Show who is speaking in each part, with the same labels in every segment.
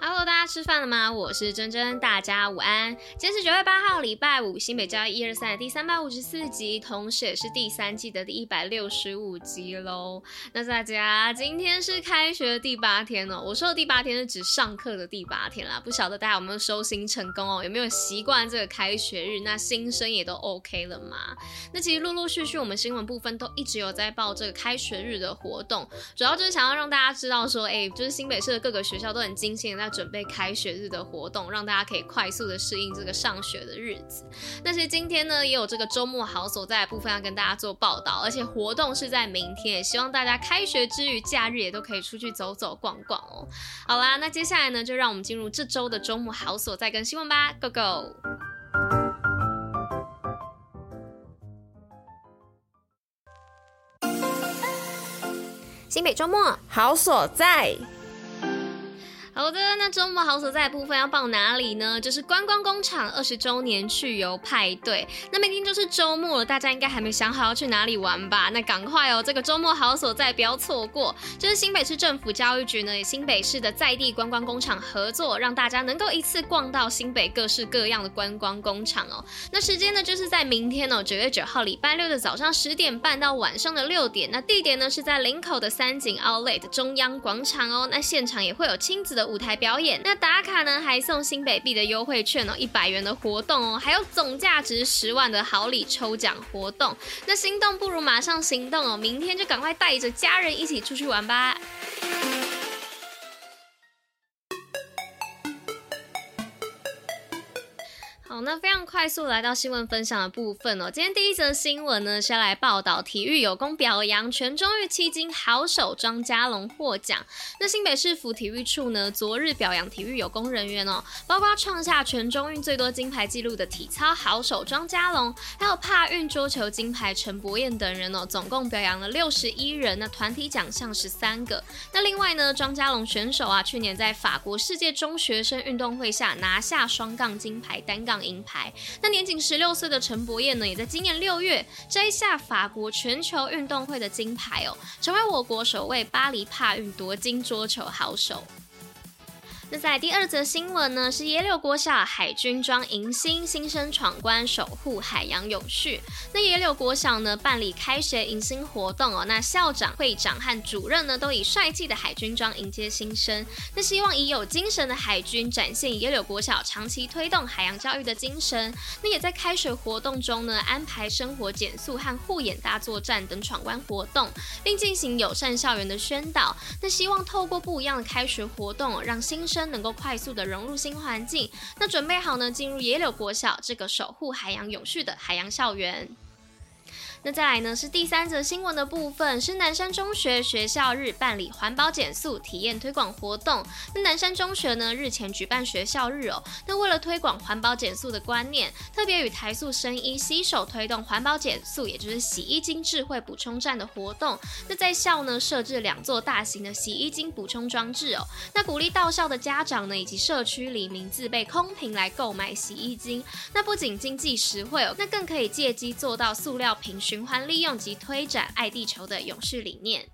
Speaker 1: Hello，大家吃飯了嗎？我是珍珍，大家午安。今天是九月八號，禮拜五，新北教育一二三的第三百五十四集，同時也是第三季的第一百六十五集嘍。那大家今天是開學的第八天哦、喔，我說的第八天是指上課的第八天啦。不曉得大家有沒有收心成功哦、喔？有沒有習慣這個開學日？那新生也都 OK 了嗎？那其實陸陸續續我們新聞部分都一直有在報這個開學日的活動，主要就是想要讓大家知道說，哎、欸，就是新北市的各個學校都很精心的。要準備開學日的活動，讓大家可以快速的適應這個上學的日子。但是今天呢，也有這個週末好所在的部分要跟大家做報道，而且活動是在明天，也希望大家開學之餘，假日也都可以出去走走逛逛哦。好啦，那接下來呢，就讓我們進入這周的週末好所在跟新聞吧，Go Go！新北週末好所在。好的，那周末好所在的部分要報哪裡呢？就是觀光工廠二十周年趣遊派對。那明天就是周末了，大家應該還沒想好要去哪裡玩吧？那趕快哦、喔，這個周末好所在不要錯過。就是新北市政府教育局呢，與新北市的在地觀光工廠合作，讓大家能夠一次逛到新北各式各樣的觀光工廠哦、喔。那時間呢，就是在明天哦、喔，九月九號禮拜六的早上十點半到晚上的六點。那地點呢，是在林口的三井 Outlet 的中央廣場哦、喔。那現場也會有親子的舞台表演，那打卡呢還送新北幣的優惠券哦，一百元的活動哦，還有總價值十萬的好禮抽獎活動。那心動不如馬上行動哦，明天就趕快帶着家人一起出去玩吧。好、哦，那非常快速來到新聞分享的部分哦。今天第一則新聞呢，是要來報道體育有功表揚，全中運七金好手莊佳龍獲獎。那新北市府體育處呢，昨日表揚體育有功人員哦，包括創下全中運最多金牌紀錄的體操好手莊佳龍，還有帕運桌球金牌陳柏燕等人哦，總共表揚了六十一人。那團體獎項十三個。那另外呢，莊佳龍選手啊，去年在法國世界中學生運動會下拿下雙槓金牌、單槓。銀牌。那年僅十六歲的陳柏彥呢，也在今年六月摘下法國全球運動會的金牌哦，成為我國首位巴黎帕運奪金桌球好手。現在第二則新聞呢，是野柳國小海軍裝迎新，新生闖關守護海洋永續。那野柳國小呢，辦理開學迎新活動哦，那校長、會長和主任呢都以帥氣的海軍裝迎接新生。那希望以有精神的海軍展現野柳國小長期推動海洋教育的精神。那也在開學活動中呢，安排生活減速和護眼大作戰等闖關活動，並進行友善校園的宣導。那希望透過不一樣的開學活動，讓新生。能夠快速地融入新環境，那準備好呢？進入野柳國小，這個守護海洋永續的海洋校園。那再來呢是第三則新聞的部分，是南山中學學校日辦理環保減塑體驗推廣活動。那南山中學呢日前舉辦學校日哦，那為了推廣環保減塑的觀念，特別與台塑生醫攜手推動環保減塑，也就是洗衣精智慧補充站的活動。那在校呢設置兩座大型的洗衣精補充裝置哦，那鼓勵到校的家長呢以及社區里民自備空瓶來購買洗衣精。那不僅經濟實惠哦，那更可以借機做到塑料瓶循。循環利用及推展愛地球的勇士理念。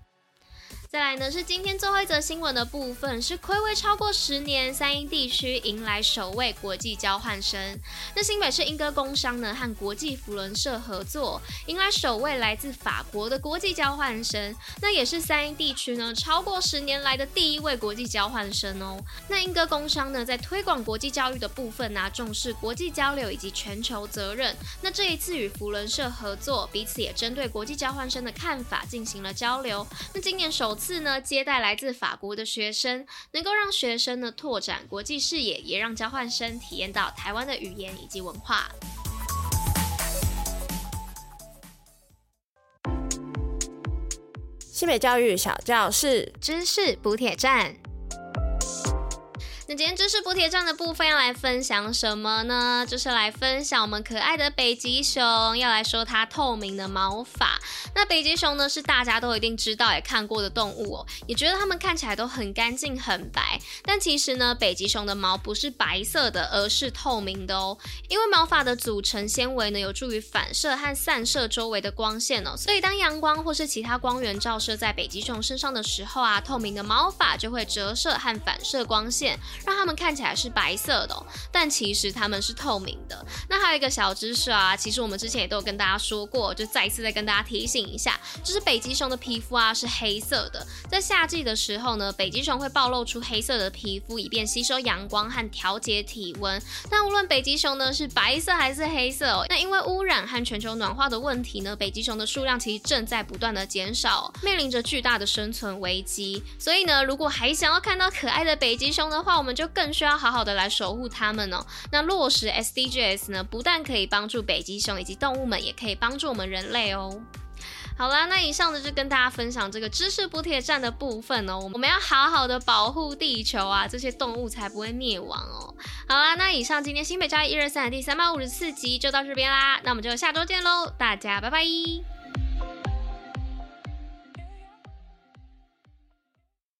Speaker 1: 再來呢，是今天最後一則新聞的部分，是睽違超過十年，三鶯地區迎來首位國際交換生。那新北市鶯歌工商呢，和國際扶輪社合作，迎來首位來自法國的國際交換生。那也是三鶯地區呢，超過十年來的第一位國際交換生哦。那鶯歌工商呢，在推廣國際教育的部分呢、啊，重視國際交流以及全球責任。那這一次與扶輪社合作，彼此也針對國際交換生的看法進行了交流。那今年首。四呢，接待來自法國的學生，能夠讓學生呢拓展國際視野，也讓交換生體驗到台灣的語言以及文化。新北教育小教室，知識補帖站。今天知識補帖站的部分要來分享什麼呢？就是來分享我們可愛的北極熊，要來說它透明的毛髮。那北極熊呢是大家都一定知道也看過的動物哦、喔，也覺得它們看起來都很乾淨很白。但其實呢，北極熊的毛不是白色的，而是透明的哦、喔。因為毛髮的組成纖維呢，有助於反射和散射周圍的光線哦、喔。所以當陽光或是其他光源照射在北極熊身上的時候啊，透明的毛髮就會折射和反射光線。讓它們看起來是白色的哦，但其實他們是透明的。那還有一個小知識啊，其實我們之前也都有跟大家說過，就再一次再跟大家提醒一下，就是北極熊的皮膚啊是黑色的。在夏季的時候呢，北極熊會暴露出黑色的皮膚，以便吸收陽光和調節體溫。但無論北極熊呢是白色還是黑色哦，那因為污染和全球暖化的問題呢，北極熊的數量其實正在不斷的減少哦，面臨着巨大的生存危機。所以呢，如果還想要看到可愛的北極熊的話，我們就更需要好好的來守護它們哦。那落實 SDGs 呢，不但可以幫助北極熊以及動物們，也可以幫助我們人類哦。好啦，那以上的就跟大家分享這個知識補帖站的部分哦。我們要好好的保護地球啊，這些動物才不會滅亡哦。好啦，那以上今天新北教育一二三的第三百五十四集就到這邊啦。那我們就下週見嘍，大家拜拜。